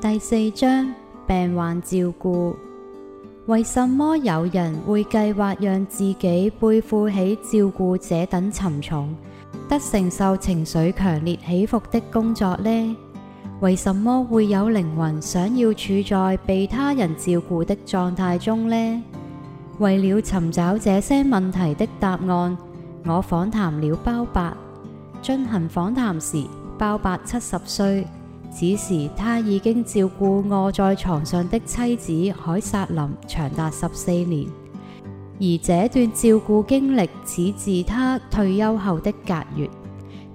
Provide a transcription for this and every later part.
第四章病患照顧，為什麼有人會計劃讓自己背負起照顧這等沉重、得承受情緒強烈起伏的工作呢？為什麼會有靈魂想要處在被他人照顧的狀態中呢？為了尋找這些問題的答案，我訪談了鮑伯。進行訪談時，鮑伯七十歲。此時他已經照顧臥在床上的妻子凱薩琳長達十四年，而這段照顧經歷始自他退休後的隔月。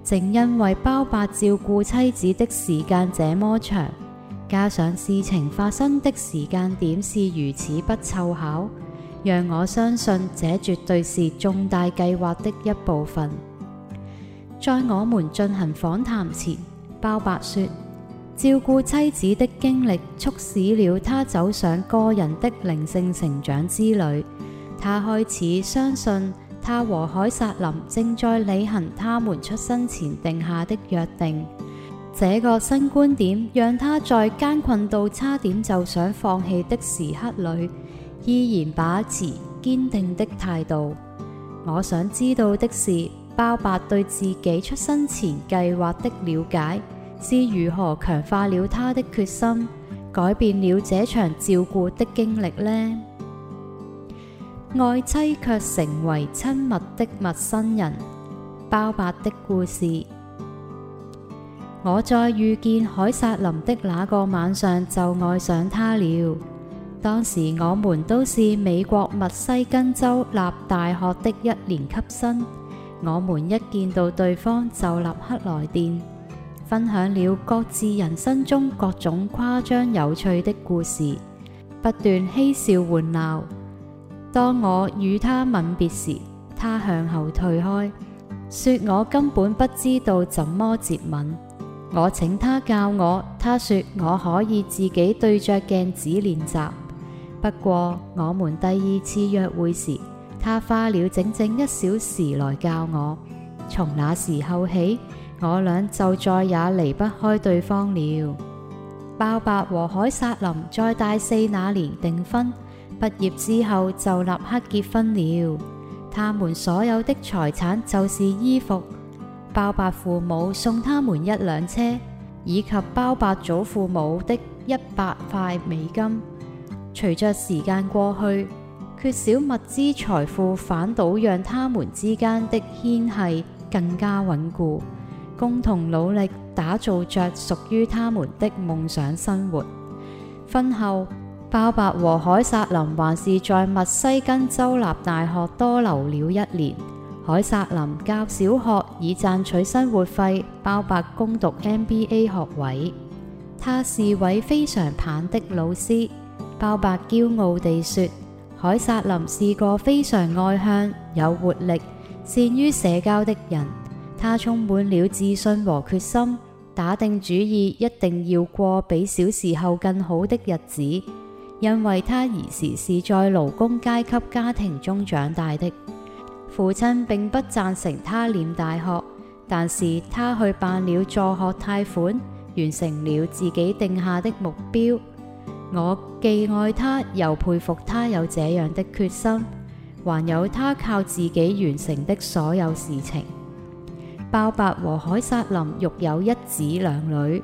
正因為包伯照顧妻子的時間這麼長，加上事情發生的時間點是如此不湊巧，讓我相信這絕對是重大計劃的一部分。在我們進行訪談前，包伯說。照顧妻子的經歷促使了他走上個人的靈性成長之旅。他開始相信，他和凱撒琳正在履行他們出生前定下的約定。這個新觀點讓他在艱困到差點就想放棄的時刻裏，依然把持堅定的態度。我想知道的是，鮑伯對自己出生前計劃的了解，是如何強化了他的決心，改變了這場照顧的經歷呢？愛妻卻成為親密的陌生人。鮑伯的故事，我在遇見海瑟林的那個晚上就愛上他了。當時我們都是美國密西根州立大學的一年級生，我們一見到對方就立刻來電。分享了各自人生中各種誇張有趣的故事，不斷嬉笑玩鬧。當我與他吻別時，他向後退開，說我根本不知道怎麼接吻。我請他教我，他說我可以自己對著鏡子練習。不過，我們第二次約會時，他花了整整一小時來教我。從那時候起，我倆就再也離不開對方了。鮑伯和凱撒林在大四那年訂婚，畢業之後就立刻結婚了。他們所有的財產就是衣服。鮑伯父母送他們一輛車，以及鮑伯祖父母的一百塊美金。隨着時間過去，缺少物資財富，反倒讓他們之間的牽繫更加穩固。共同努力打造著屬於他們的夢想生活。婚後，鮑伯和凱薩琳還是在密西根州立大學多留了一年。凱薩琳教小學以賺取生活費，鮑伯攻讀 MBA 學位。他是位非常棒的老師。鮑伯驕傲地說，凱薩琳是個非常外向、有活力、善於社交的人。他充滿了自信和決心，打定主意一定要過比小時候更好的日子。因為他兒時是在勞工階級家庭中長大的，父親並不贊成他唸大學，但是他去辦了助學貸款，完成了自己定下的目標。我既愛他，又佩服他有這樣的決心，還有他靠自己完成的所有事情。鮑伯和凱撒琳育有一子兩女。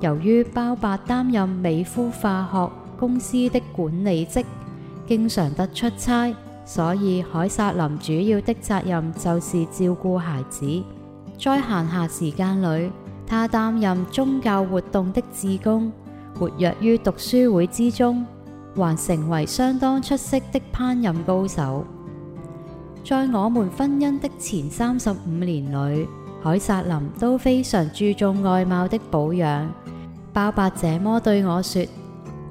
由於鮑伯擔任美孚化學公司的管理職，經常得出差，所以凱撒琳主要的責任就是照顧孩子。在閒暇時間裏，他擔任宗教活動的志工，活躍於讀書會之中，還成為相當出色的烹飪高手。在我們婚姻的前三十五年裏，凱薩林都非常注重外貌的保養，鮑伯這麼對我說：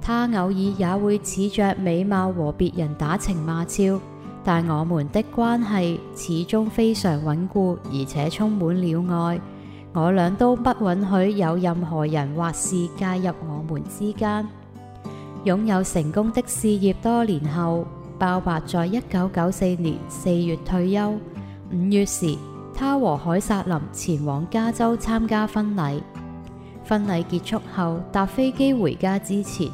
他偶爾也會恃着美貌和別人打情罵俏，但我們的關係始終非常穩固，而且充滿了愛。我倆都不允許有任何人或事介入我們之間。擁有成功的事業多年後，鮑伯在1994年4月退休，五月時，他和凱撒林前往加州參加婚禮，婚禮結束後搭飛機回家之前，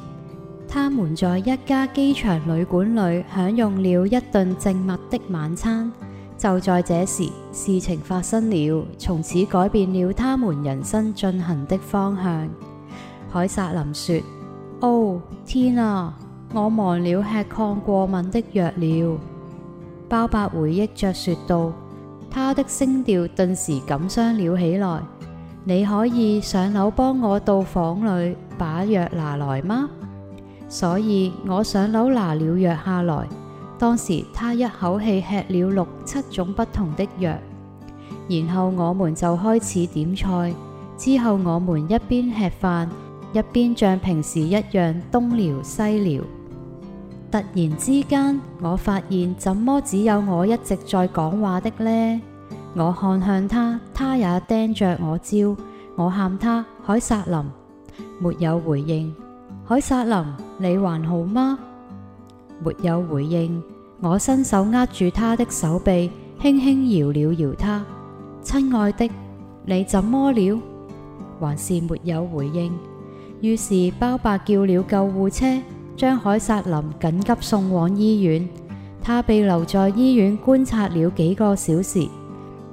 他們在一家機場旅館裏享用了一頓靜默的晚餐。就在這時，事情發生了，從此改變了他們人生進行的方向。凱撒林說：哦，天啊，我忘了吃抗過敏的藥了。包伯回憶着說道。他的聲調頓時感傷了起來。你可以上樓幫我到房裏把藥拿來嗎？所以我上樓拿了藥下來。當時他一口氣吃了六七種不同的藥，然後我們就開始點菜。之後我們一邊吃飯，一邊像平時一樣東聊西聊。突然之間，我發現怎麼只有我一直在講話的呢？我看向他，他也盯着我招。我喊他海薩林，沒有回應。海薩林，你還好嗎？沒有回應。我伸手握住他的手臂，輕輕搖了搖他。親愛的，你怎麼了？還是沒有回應。於是鮑伯叫了救護車。將凱薩琳緊急送往醫院，他被留在醫院觀察了幾個小時，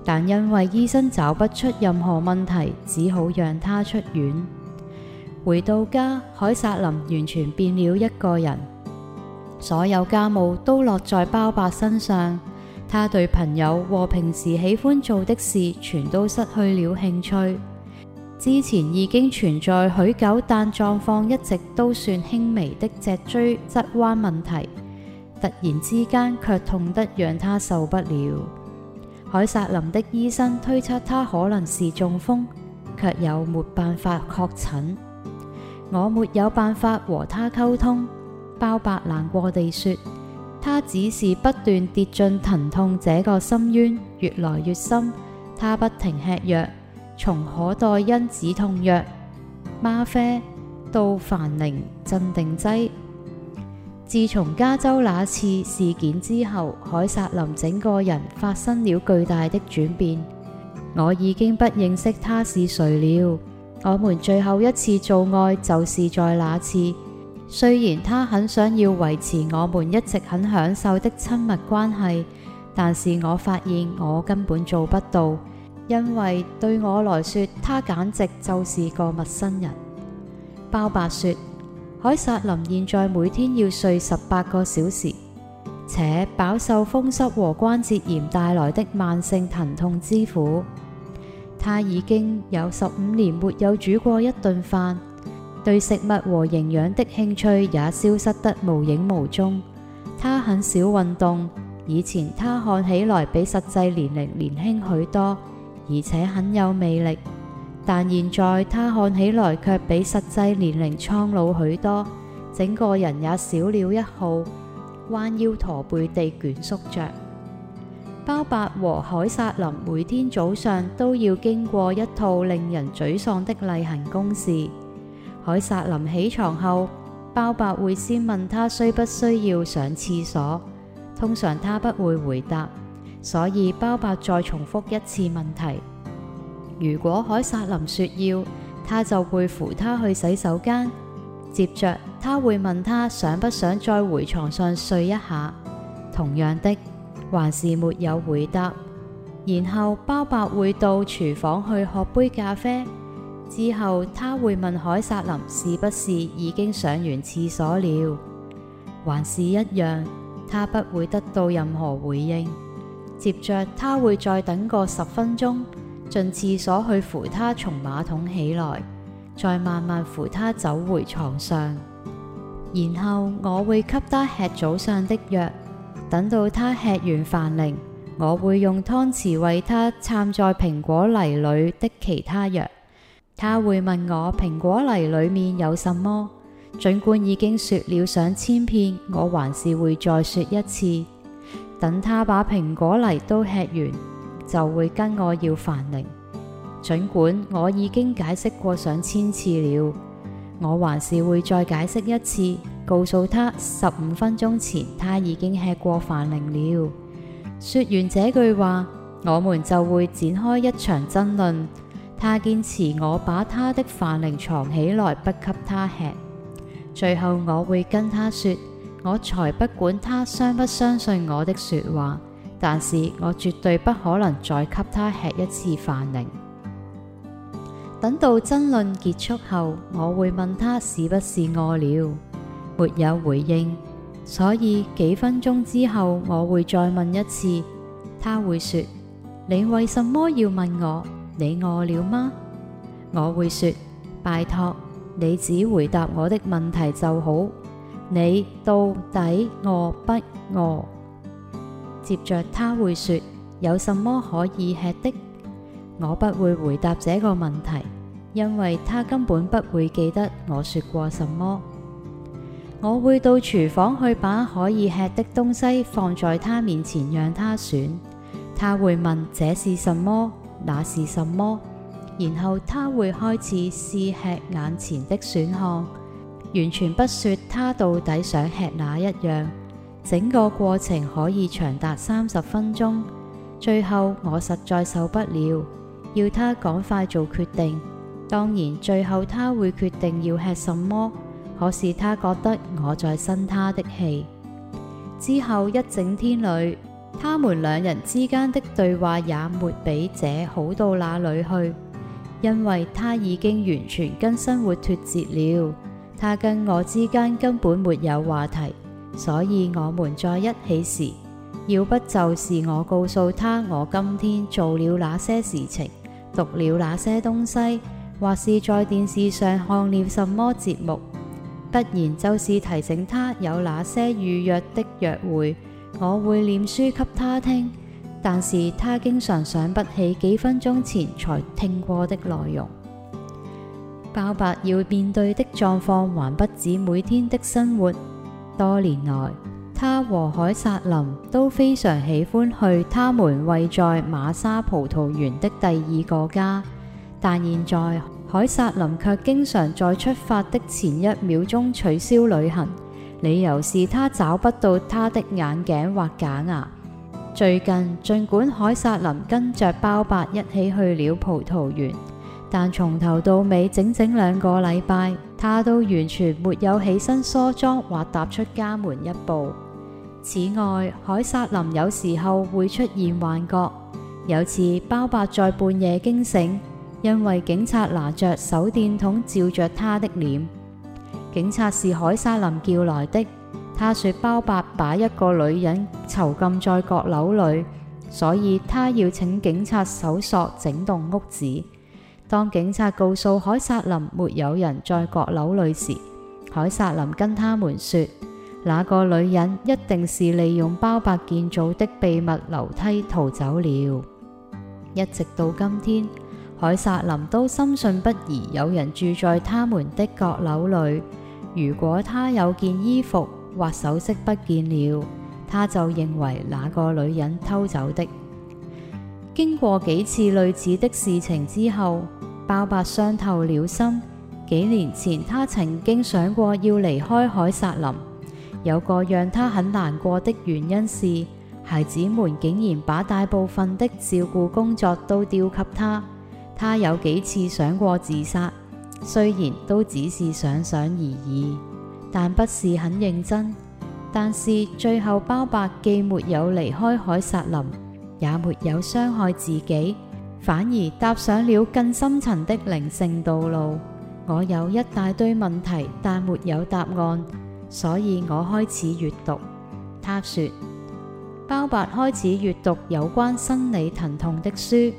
但因為醫生找不出任何問題，只好讓他出院。回到家，凱薩琳完全變了一個人，所有家務都落在包伯身上，他對朋友和平時喜歡做的事全都失去了興趣。之前已經存在許久，但狀況一直都算輕微的脊椎側彎問題，突然之間卻痛得讓他受不了。凱撒林的醫生推測他可能是中風，卻又沒辦法確診。我沒有辦法和他溝通，鮑伯難過地說，他只是不斷跌進疼痛這個深淵，越來越深。他不停吃藥。從可待因止痛藥、嗎啡到煩寧鎮定劑，自從加州那次事件之後，凱撒林整個人發生了巨大的轉變。我已經不認識他是誰了。我們最後一次做愛就是在那次。雖然他很想要維持我們一直很享受的親密關係，但是我發現我根本做不到。因為對我來說，他簡直就是個陌生人。鮑伯說：凱撒林現在每天要睡十八個小時，且飽受風濕和關節炎帶來的慢性疼痛之苦。他已經有十五年沒有煮過一頓飯，對食物和營養的興趣也消失得無影無蹤。他很少運動，以前他看起來比實際年齡年輕許多。而且很有魅力，但現在他看起來卻比實際年齡蒼老許多，整個人也少了一號，彎腰駝背地蜷縮着。鮑伯和凱撒林每天早上都要經過一套令人沮喪的例行公事。凱撒林起床後，鮑伯會先問他需不需要上廁所，通常他不會回答。所以鮑伯再重複一次問題：如果凱撒林說要，他就會扶他去洗手間。接着他會問他想不想再回床上睡一下。同樣的，還是沒有回答。然後鮑伯會到廚房去喝杯咖啡。之後他會問凱撒林是不是已經上完廁所了？還是一樣，他不會得到任何回應。接着，他會再等個十分鐘，進廁所去扶他從馬桶起來，再慢慢扶他走回床上。然後我會給他吃早上的藥，等到他吃完飯鈴，我會用湯匙餵他摻在蘋果泥裡的其他藥。他會問我蘋果泥裡面有什麼，盡管已經說了上千遍，我還是會再說一次。等他把蘋果泥都吃完，就會跟我要煩寧。儘管我已經解釋過上千次了，我還是會再解釋一次，告訴他十五分鐘前他已經吃過煩寧了。說完這句話，我們就會展開一場爭論。他堅持我把他的煩寧藏起來不給他吃，最後我會跟他說。我才不管他相不相信我的說話，但是我絕對不可能再給他吃一次飯令。等到爭論結束後，我會問他是不是餓了，沒有回應，所以幾分鐘之後我會再問一次，他會說：你為什麼要問我？你餓了嗎？我會說：拜託，你只回答我的問題就好。你到底餓不餓？接着他會說：有什麼可以吃的？我不會回答這個問題，因為他根本不會記得我說過什麼。我會到廚房去把可以吃的東西放在他面前，讓他選。他會問：這是什麼？那是什麼？然後他會開始試吃眼前的選項。完全不說他到底想吃哪一樣，整個過程可以長達三十分鐘。最後我實在受不了，要他趕快做決定。當然最後他會決定要吃什麼，可是他覺得我在生他的氣。之後一整天裏，他們兩人之間的對話也沒比這好到哪裏去，因為他已經完全跟生活脫節了。他跟我之間根本沒有話題，所以我們在一起時，要不就是我告訴他我今天做了哪些事情，讀了哪些東西，或是在電視上看了什麼節目；不然就是提醒他有哪些預約的約會。我會念書給他聽，但是他經常想不起幾分鐘前才聽過的內容。鮑伯要面對的狀況還不止每天的生活。多年來，他和凱撒琳都非常喜歡去他們位在瑪莎葡萄園的第二個家，但現在凱撒琳卻經常在出發的前一秒鐘取消旅行，理由是他找不到他的眼鏡或假牙。最近，儘管凱撒琳跟着鮑伯一起去了葡萄園。但從頭到尾整整兩個禮拜，他都完全沒有起身梳妝或踏出家門一步。此外，凱莎林有時候會出現幻覺，有次鮑伯在半夜驚醒，因為警察拿着手電筒照着他的臉。警察是凱莎林叫來的，他說鮑伯把一個女人囚禁在閣樓裏，所以他要請警察搜索整棟屋子。當警察告訴凱撒琳沒有人在閣樓裏時，凱撒琳跟他們說，那個女人一定是利用鮑伯建造的秘密樓梯逃走了。一直到今天，凱撒琳都深信不疑有人住在他們的閣樓裏。如果他有件衣服或首飾不見了，他就認為那個女人偷走的。經過幾次類似的事情之後，鮑伯傷透了心。幾年前，他曾經想過要離開海薩林。有個讓他很難過的原因是，孩子們竟然把大部分的照顧工作都丟給他。他有幾次想過自殺，雖然都只是想想而已，但不是很認真。但是最後，鮑伯既沒有離開海薩林。也沒有傷害自己，反而踏上了更深層的靈性道路。我有一大堆問題，但沒有答案，所以我開始閱讀。他說：鮑伯開始閱讀有關心理疼痛的書，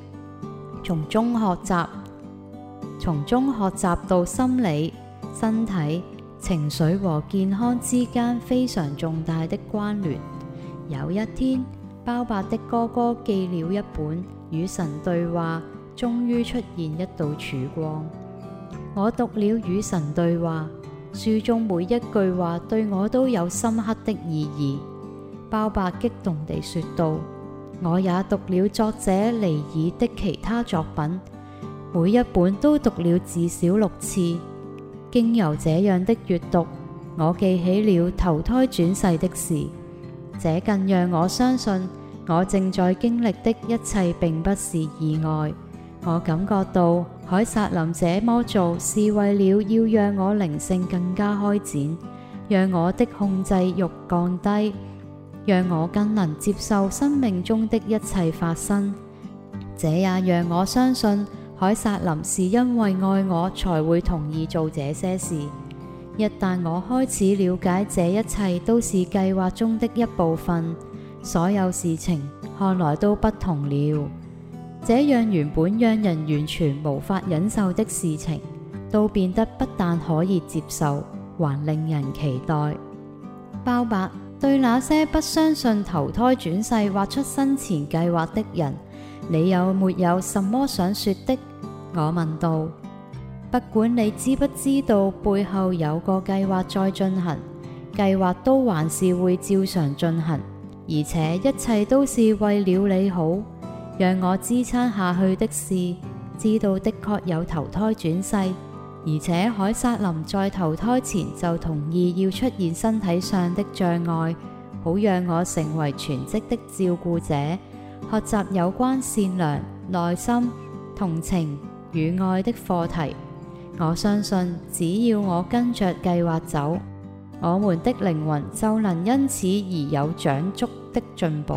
從中學習，從中學習到心理、身體、情緒和健康之間非常重大的關聯。有一天。包伯的哥哥寄了一本《與神對話》，終於出現一道曙光。我讀了《與神對話》，書中每一句話對我都有深刻的意義。包伯激動地說道：「我也讀了作者尼爾的其他作品，每一本都讀了至少六次。經由這樣的閱讀，我記起了投胎轉世的事。」這更讓我相信，我正在經歷的一切並不是意外。我感覺到凱撒林這麼做是為了要讓我靈性更加開展，讓我的控制欲降低，讓我更能接受生命中的一切發生。這也讓我相信，凱撒林是因為愛我才會同意做這些事。一旦我開始了解，這一切都是計劃中的一部分，所有事情看來都不同了。這樣原本讓人完全無法忍受的事情，都變得不但可以接受，還令人期待。鮑伯，對那些不相信投胎轉世或出生前計劃的人，你有沒有什麼想說的？我問道。不管你知不知道背後有個計劃在進行，計劃都還是會照常進行，而且一切都是為了你好。讓我支撐下去的是知道的確有投胎轉世，而且凱撒琳在投胎前就同意要出現身體上的障礙，好讓我成為全職的照顧者，學習有關善良、耐心、同情與愛的課題。我相信，只要我跟着計劃走，我們的靈魂就能因此而有長足的進步。